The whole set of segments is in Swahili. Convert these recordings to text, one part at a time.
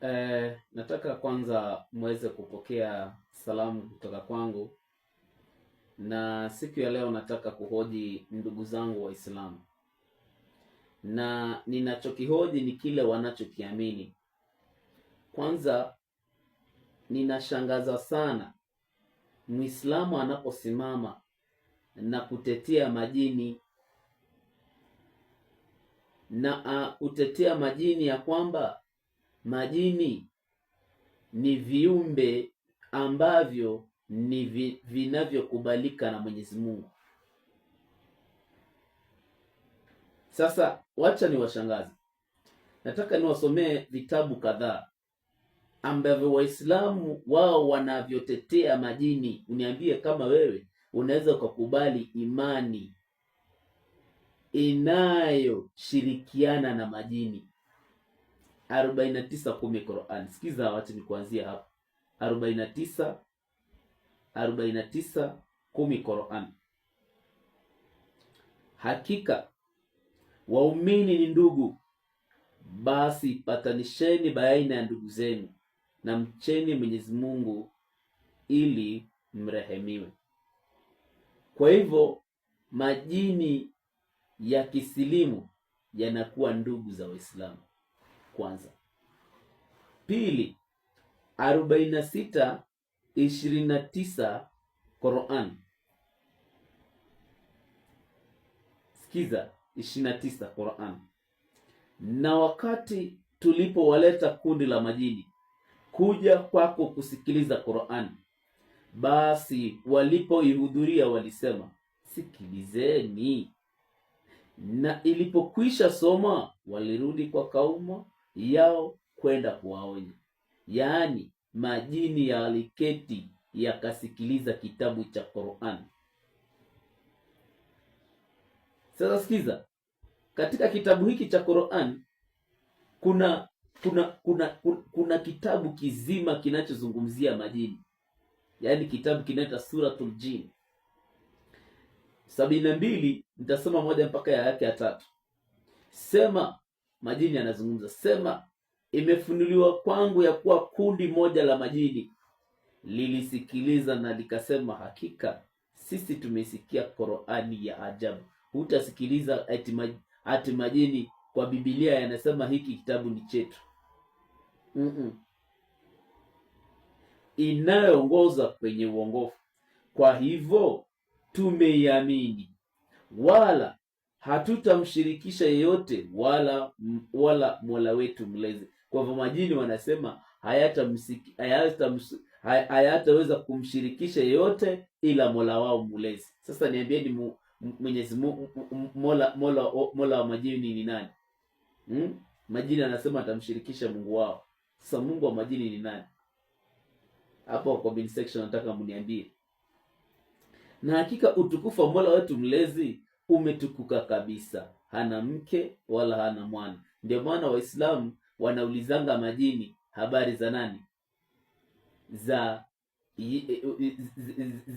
Eh, nataka kwanza mweze kupokea salamu kutoka kwangu, na siku ya leo nataka kuhoji ndugu zangu Waislamu, na ninachokihoji ni kile wanachokiamini. Kwanza ninashangaza sana Muislamu anaposimama na kutetea majini na uh, kutetea majini ya kwamba Majini ni viumbe ambavyo ni vi, vinavyokubalika na Mwenyezi Mungu. Sasa wacha ni washangaze, nataka niwasomee vitabu kadhaa ambavyo Waislamu wao wanavyotetea majini. Uniambie kama wewe unaweza ukakubali imani inayoshirikiana na majini arobaini na tisa kumi Qur'an. Sikiza, wacha ni kuanzia hapo arobaini na tisa arobaini na tisa kumi Qur'an. Hakika waumini ni ndugu, basi patanisheni baina ya ndugu zenu na mcheni Mwenyezi Mungu ili mrehemiwe. Kwa hivyo majini ya kisilimu yanakuwa ndugu za Waislamu kwanza. Pili, 46 na Qur'an. Sikiza, 29 na Qur'an. Na wakati tulipowaleta kundi la majini kuja kwako kusikiliza Qur'an, basi walipoihudhuria walisema, sikilizeni. Na ilipokwisha soma walirudi kwa kauma yao kwenda kuwaonya. Yaani majini ya aliketi yakasikiliza kitabu cha Qur'an. Sasa sikiza, katika kitabu hiki cha Qur'an kuna kuna kuna kuna, kuna kitabu kizima kinachozungumzia majini, yaani kitabu kinaitwa Suratul Jin sabini na mbili. Nitasoma moja mpaka ya yake ya tatu. Sema majini anazungumza, sema imefunuliwa kwangu ya kuwa kundi moja la majini lilisikiliza na likasema, hakika sisi tumesikia Qur'ani ya ajabu. Hutasikiliza ati majini kwa Biblia yanasema hiki kitabu ni chetu. mm -mm. Inayoongoza kwenye uongofu. Kwa hivyo tumeiamini, wala hatutamshirikisha yeyote wala wala Mola wetu mlezi. Kwa hivyo majini wanasema hayata, hayataweza kumshirikisha yeyote ila Mola wao mlezi. Sasa niambieni, Mwenyezi Mola Mola Mola wa majini ni nani? Hmm? Majini anasema atamshirikisha Mungu wao. Sasa Mungu wa majini ni nani? Hapo kwa bin section nataka mniambie. Na hakika utukufu wa Mola wetu mlezi umetukuka kabisa, hana mke wala hana mwana. Ndio maana Waislamu wanaulizanga majini habari za nani, za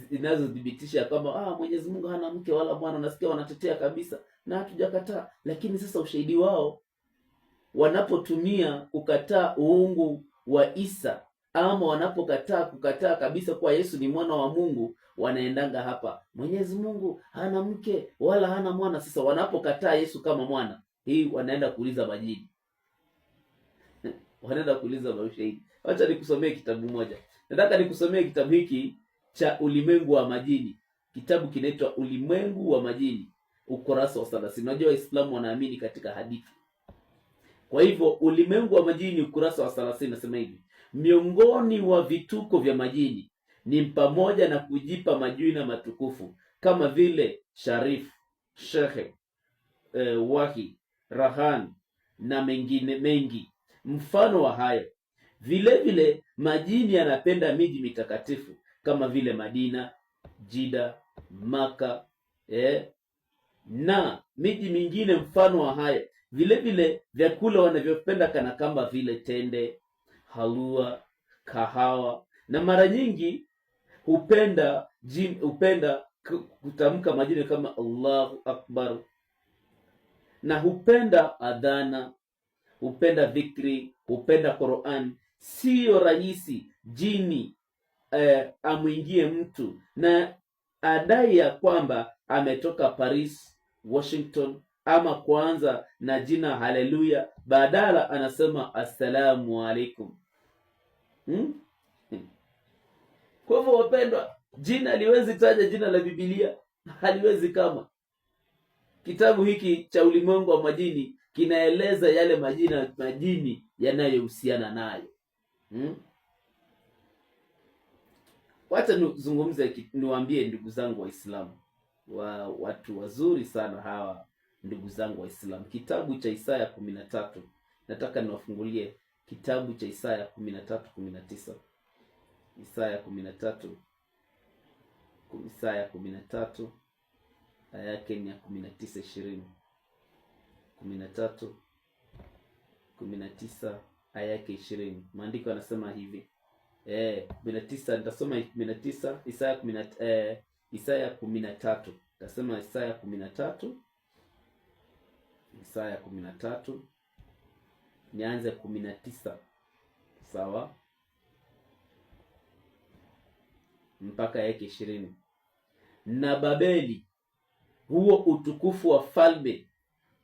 zinazothibitisha kwamba ah, Mwenyezi Mungu hana mke wala mwana. Nasikia wanatetea kabisa, na hatujakataa, lakini sasa ushahidi wao wanapotumia kukataa uungu wa Isa ama wanapokataa kukataa kabisa kuwa Yesu ni mwana wa Mungu, wanaendanga hapa, Mwenyezi Mungu hana mke wala hana mwana. Sasa wanapokataa Yesu kama mwana, hii wanaenda kuuliza majini wanaenda kuuliza maushahidi. Wacha nikusomee kitabu moja, nataka nikusomee kitabu hiki cha Ulimwengu wa Majini. Kitabu kinaitwa Ulimwengu wa Majini, ukurasa wa thelathini. Unajua Waislamu wanaamini katika hadithi, kwa hivyo Ulimwengu wa Majini ukurasa wa thelathini nasema hivi Miongoni wa vituko vya majini ni pamoja na kujipa majina matukufu kama vile Sharifu, Shehe, eh, Wahi, Rahan na mengine mengi mfano wa hayo. Vilevile majini yanapenda miji mitakatifu kama vile Madina, Jida, Maka eh, na miji mingine mfano wa hayo. Vilevile vyakula wanavyopenda kana kama vile tende, halua, kahawa na mara nyingi hupenda jin, hupenda kutamka majina kama Allahu Akbar na hupenda adhana, hupenda dhikri, hupenda Qur'an. Siyo rahisi jini eh, amwingie mtu na adai ya kwamba ametoka Paris, Washington ama kuanza na jina haleluya, badala anasema assalamu alaikum. Hmm? hmm? Kwa hivyo wapendwa, jina liwezi taja jina la Biblia, haliwezi. Kama kitabu hiki cha ulimwengu wa majini kinaeleza yale majina majini yanayohusiana nayo. Hmm? Wacha nizungumze, niwaambie ndugu zangu Waislamu wa watu wazuri sana hawa ndugu zangu Waislamu, kitabu cha Isaya kumi na tatu. Nataka niwafungulie kitabu cha Isaya kumi na tatu kumi na tisa Isaya kumi na tatu Isaya kumi na tatu aya yake ni ya kumi na tisa ishirini kumi na tatu kumi na tisa aya yake ishirini Maandiko yanasema hivi eh, kumi na tisa nitasoma kumi na tisa Isaya kumi na eh, Isaya kumi na tatu nitasema Isaya kumi na tatu Isaya kumi na tatu nianze kumi na tisa sawa mpaka yake ishirini na Babeli huo utukufu wa falme,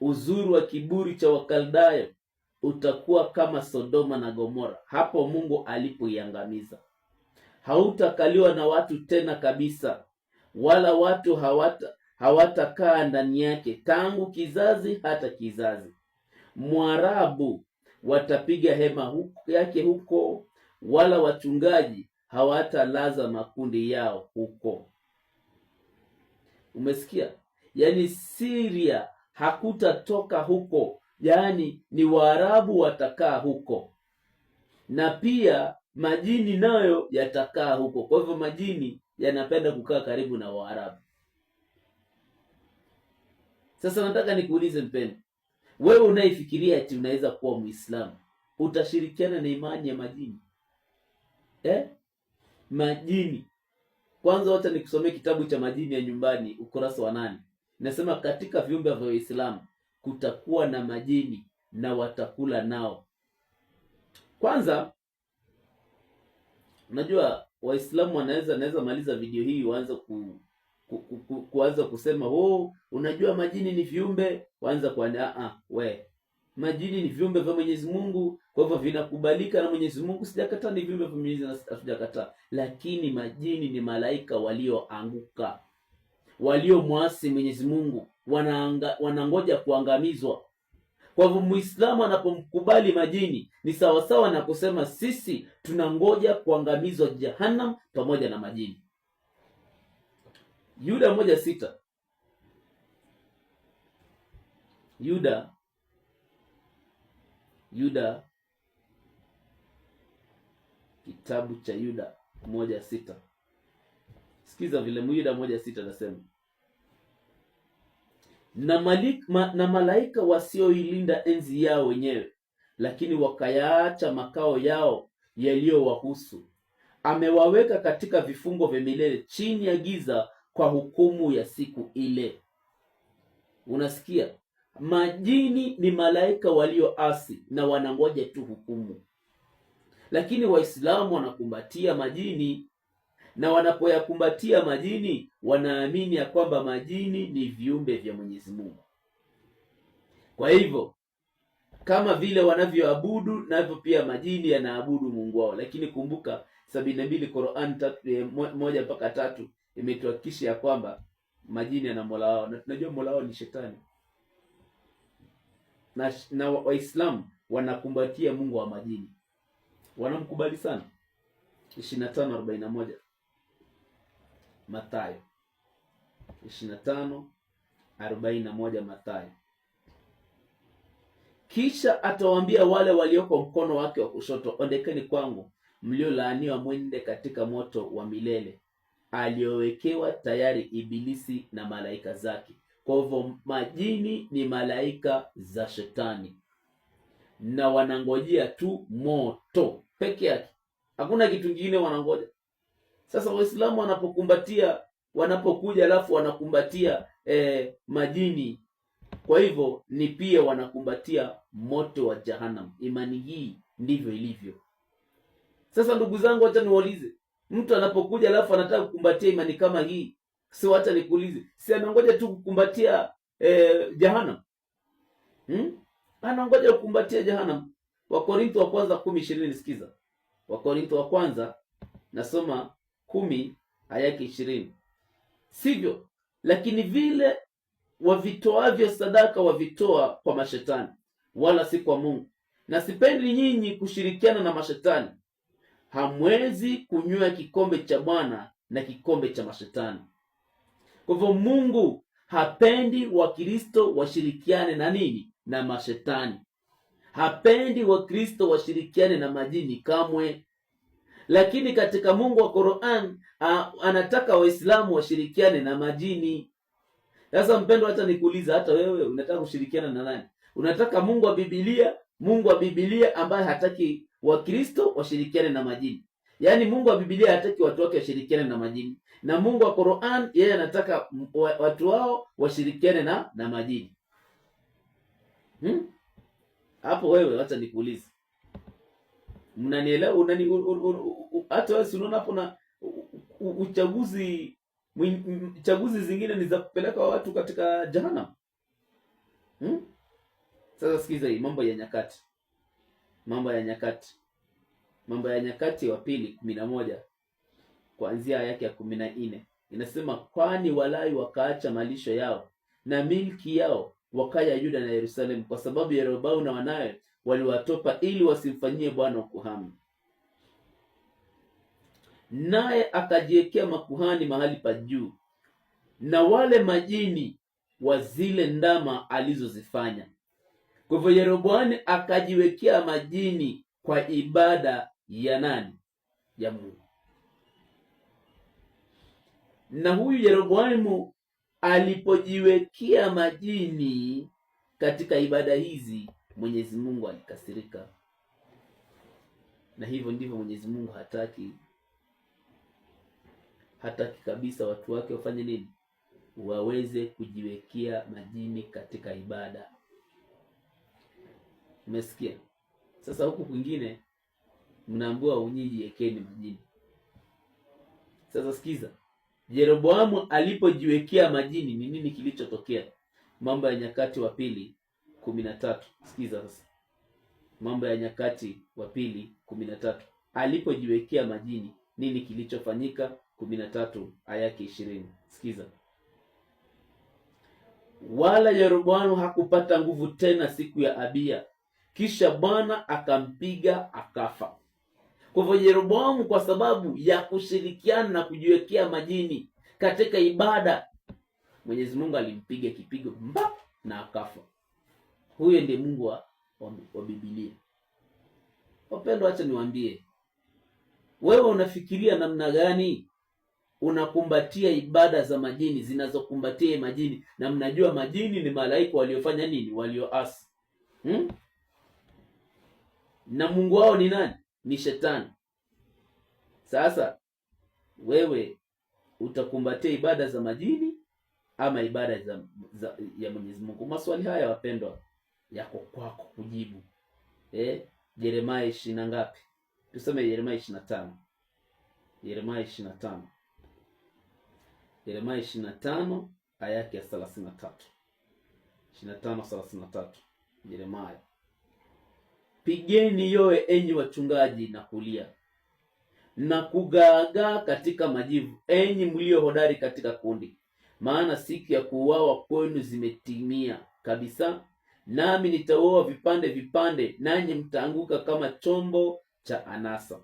uzuri wa kiburi cha Wakaldayo utakuwa kama Sodoma na Gomora, hapo Mungu alipoiangamiza. Hautakaliwa na watu tena kabisa, wala watu hawata hawatakaa ndani yake tangu kizazi hata kizazi. Mwarabu watapiga hema huko yake huko, wala wachungaji hawatalaza makundi yao huko. Umesikia? Yaani Syria hakutatoka huko, yaani ni Waarabu watakaa huko, na pia majini nayo yatakaa huko. Kwa hivyo majini yanapenda kukaa karibu na Waarabu. Sasa nataka nikuulize mpendwa, wewe unayefikiria ati unaweza kuwa Muislamu, utashirikiana na imani ya majini eh? Majini kwanza, wacha nikusomee kitabu cha Majini ya Nyumbani, ukurasa wa nane. Nasema katika viumbe vya Waislamu kutakuwa na majini na watakula nao. Kwanza unajua Waislamu wanaweza naweza maliza video hii waanze ku kuanza kusema oh, unajua majini ni viumbe, waanza kuana ah, ah, we majini ni viumbe vya Mwenyezi Mungu, kwa hivyo vinakubalika na Mwenyezi Mungu. Sijakataa, ni viumbe vya Mwenyezi Mungu, hatujakataa, lakini majini ni malaika walioanguka, waliomwasi Mwenyezi Mungu, wanaanga, wanangoja kuangamizwa. Kwa hivyo Muislamu anapomkubali majini ni sawasawa na kusema sisi tunangoja kuangamizwa Jahannam pamoja na majini. Yuda moja sita Yuda Yuda kitabu cha Yuda moja sita Sikiza vile Yuda moja sita nasema na, ma, na malaika wasioilinda enzi yao wenyewe, lakini wakayaacha makao yao yaliyowahusu, amewaweka katika vifungo vya milele chini ya giza kwa hukumu ya siku ile. Unasikia, majini ni malaika walioasi na wanangoja tu hukumu, lakini Waislamu wanakumbatia majini na wanapoyakumbatia majini wanaamini ya kwamba majini ni viumbe vya Mwenyezi Mungu. Kwa hivyo kama vile wanavyoabudu navyo pia majini yanaabudu Mungu wao, lakini kumbuka sabini na mbili Qur'an eh, moja mpaka tatu imetuhakikisha ya kwamba majini yana mola wao, na tunajua mola wao ni shetani, na na Waislamu wanakumbatia Mungu wa majini, wanamkubali sana. 25:41 Mathayo 25:41 Mathayo. Kisha atawaambia wale walioko mkono wake wa kushoto, ondekeni kwangu mliolaaniwa, mwende katika moto wa milele aliyowekewa tayari Ibilisi na malaika zake. Kwa hivyo majini ni malaika za Shetani na wanangojea tu moto peke yake, hakuna kitu kingine wanangoja. Sasa Waislamu wanapokumbatia wanapokuja alafu wanakumbatia eh, majini, kwa hivyo ni pia wanakumbatia moto wa Jahannam. Imani hii ndivyo ilivyo. Sasa ndugu zangu, acha niwaulize, Mtu anapokuja alafu anataka kukumbatia imani kama hii, si hata nikuulize, si anangoja tu kukumbatia eh, jahanamu hmm? Anangoja kukumbatia jahanamu. Wakorintho wa kwanza kumi ishirini. Nisikiza Wakorintho wa kwanza nasoma kumi aya ishirini, sivyo? Lakini vile wavitoavyo sadaka wavitoa kwa mashetani, wala si kwa Mungu, na sipendi nyinyi kushirikiana na mashetani hamwezi kunywa kikombe cha Bwana na kikombe cha mashetani. Kwa hivyo Mungu hapendi Wakristo washirikiane na nini? Na mashetani. Hapendi Wakristo washirikiane na majini kamwe. Lakini katika Mungu wa Qur'an anataka Waislamu washirikiane na majini. Sasa mpendwa, hata nikuuliza, hata wewe unataka kushirikiana na nani? Unataka Mungu wa Biblia Mungu wa Biblia ambaye hataki Wakristo washirikiane na majini. Yaani Mungu wa Biblia hataki watu wake washirikiane na majini, na Mungu wa Qur'an yeye anataka watu wao washirikiane na na majini. Hmm? Hapo wewe wacha nikuulize. Mnanielewa? Unani hata wewe si unaona hapo na uchaguzi chaguzi zingine ni za kupeleka watu katika jahanamu. Sasa sikiza hii mambo ya nyakati, mambo ya nyakati, mambo ya nyakati wa pili kumi na moja kuanzia yake ya kumi na nne inasema, kwani walai wakaacha malisho yao na milki yao wakaya Yuda na Yerusalemu, kwa sababu yerobau na wanawe waliwatopa ili wasimfanyie Bwana ukuhani. Naye akajiwekea makuhani mahali pa juu na wale majini wa zile ndama alizozifanya kwa hivyo Yeroboamu akajiwekea majini kwa ibada ya nani? Ya Mungu. Na huyu Yeroboamu alipojiwekea majini katika ibada hizi, Mwenyezi Mungu alikasirika, na hivyo ndivyo Mwenyezi Mungu hataki. Hataki kabisa watu wake wafanye nini? Waweze kujiwekea majini katika ibada. Umesikia? Sasa huku kwingine mnaambua unyiji yekeni majini. Sasa sikiza, Yeroboamu alipojiwekea majini ni nini kilichotokea? Mambo ya Nyakati wa Pili kumi na tatu. Sikiza sasa, Mambo ya Nyakati wa Pili kumi na tatu, alipojiwekea majini nini kilichofanyika? kumi na tatu aya yake ishirini. Sikiza, wala Yeroboamu hakupata nguvu tena siku ya abia kisha Bwana akampiga akafa. Kwa hivyo Yeroboamu, kwa sababu ya kushirikiana na kujiwekea majini katika ibada, Mwenyezi Mungu alimpiga kipigo mba na akafa. Huyo ndiye Mungu wa, wa, wa Biblia. Wapendwa, acha niwaambie, wewe unafikiria namna gani unakumbatia ibada za majini zinazokumbatia majini, na mnajua majini ni malaika waliofanya nini, walioasi hmm? na mungu wao ni nani? Ni Shetani. Sasa wewe utakumbatia ibada za majini ama ibada za, za, ya Mwenyezi Mungu? Maswali haya wapendwa, yako kwako kujibu eh? Yeremia na ngapi? Tuseme Yeremia ishirini na tano Yeremia ishirini na tano Yeremia ishirini na tano aya yake ya thelathini na tatu ishirini tano thelathini na tatu Yeremia Pigeni yowe enyi wachungaji na kulia na kugaagaa katika majivu, enyi mlio hodari katika kundi, maana siku ya kuuawa kwenu zimetimia kabisa. Nami nitawaua vipande vipande, nanyi mtaanguka kama chombo cha anasa.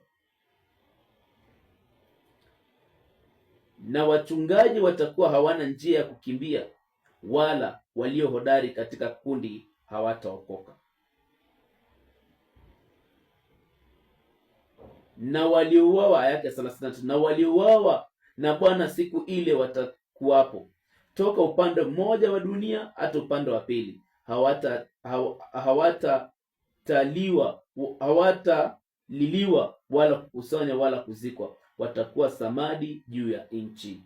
Na wachungaji watakuwa hawana njia ya kukimbia, wala walio hodari katika kundi hawataokoka. na waliouawa, aya yake 33, na waliouawa na Bwana siku ile watakuwapo toka upande mmoja wa dunia hata upande wa pili, hawata hawatataliwa hawataliliwa wala kukusanya wala kuzikwa, watakuwa samadi juu ya nchi.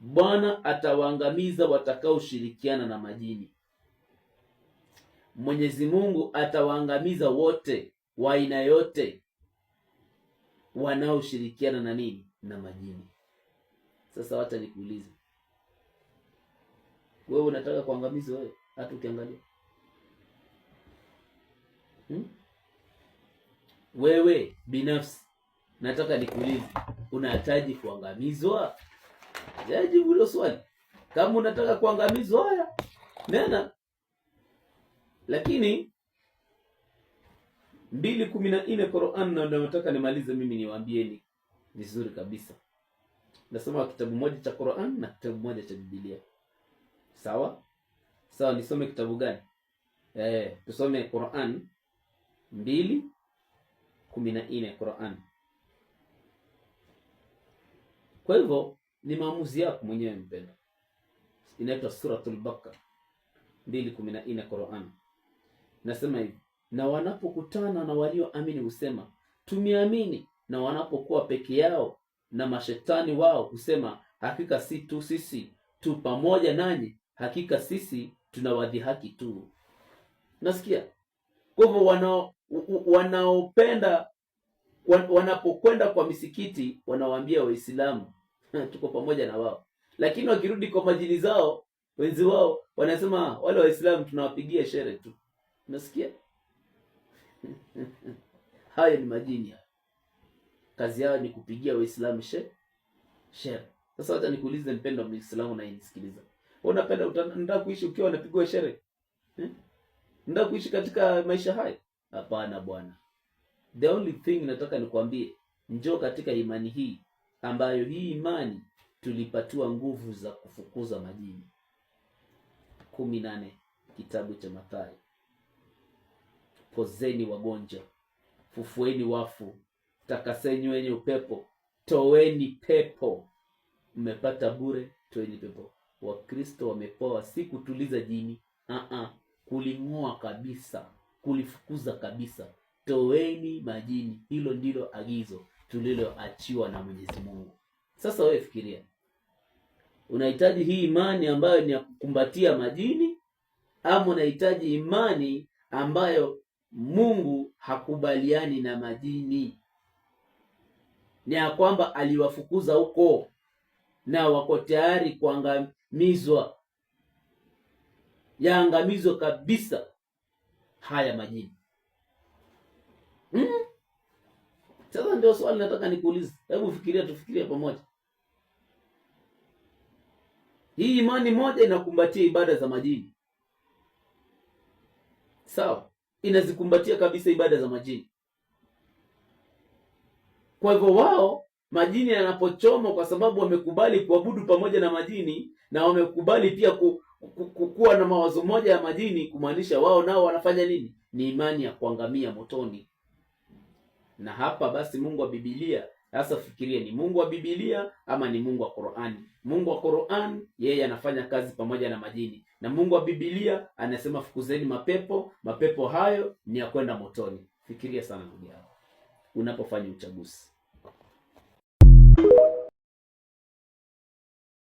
Bwana atawaangamiza watakaoshirikiana na majini. Mwenyezi Mungu atawaangamiza wote wa aina yote wanaoshirikiana na nini? Na majini. Sasa wacha nikuulize wewe, unataka kuangamizwa wewe? Hata ukiangalia hmm? Wewe binafsi nataka nikuulize, unahitaji kuangamizwa? Jajibu hilo swali. Kama unataka kuangamizwa, haya nena, lakini mbili kumi na nne Qur'an, na nataka nimalize mimi niwaambieni vizuri kabisa. Nasoma kitabu moja cha Qur'an na kitabu moja cha Biblia. Sawa sawa, nisome kitabu gani? Eh, tusome Qur'an mbili kumi na nne Qur'an. Kwa hivyo ni maamuzi yako mwenyewe mpendwa. Inaitwa Suratul Baqara mbili kumi na nne Qur'an, nasema hivi na wanapokutana na walioamini husema tumeamini, na wanapokuwa peke yao na mashetani wao husema hakika si tu sisi tu pamoja nanyi, hakika sisi tunawadhihaki tu. Nasikia kwa hivyo wanao wanaopenda wanapokwenda kwa misikiti wanawaambia Waislamu tuko pamoja na wao, lakini wakirudi kwa majini zao wenzi wao wanasema ah, wale Waislamu tunawapigia shere tu. Nasikia Hayo ni majini, kazi yao ni kupigia Waislamu she shere. Sasa wacha nikuulize, mpendwa Muislamu unayenisikiliza, unapenda nda kuishi ukiwa unapigwa shere eh? kuishi katika maisha haya? Hapana bwana, the only thing nataka nikwambie, njoo katika imani hii ambayo hii imani tulipatiwa nguvu za kufukuza majini. kumi nane kitabu cha Mathayo pozeni wagonjwa, fufueni wafu, takaseni wenye upepo, toweni pepo. Mmepata bure, toweni pepo. Wakristo wamepoa, si kutuliza jini, uh kuling'oa kabisa, kulifukuza kabisa. Toweni majini. Hilo ndilo agizo tuliloachiwa na Mwenyezi Mungu. Sasa wewe fikiria, unahitaji hii imani ambayo ni ya kukumbatia majini ama unahitaji imani ambayo Mungu hakubaliani na majini, ni ya kwamba aliwafukuza huko na wako tayari kuangamizwa, yaangamizwa kabisa haya majini hmm? Sasa ndio swali nataka nikuulize, hebu fikiria, tufikirie pamoja. Hii imani moja inakumbatia ibada za majini, sawa? inazikumbatia kabisa ibada za majini. Kwa hivyo wao majini yanapochomo kwa sababu wamekubali kuabudu pamoja na majini na wamekubali pia ku, ku, ku, kuwa na mawazo moja ya majini, kumaanisha wao nao wanafanya nini? Ni imani ya kuangamia motoni. Na hapa basi Mungu wa Biblia sasa fikiria, ni Mungu wa Biblia ama ni Mungu wa Qur'ani? Mungu wa Qur'an yeye anafanya kazi pamoja na majini, na Mungu wa Biblia anasema fukuzeni mapepo, mapepo hayo ni ya kwenda motoni. Fikiria sana ndugu yangu, unapofanya uchaguzi.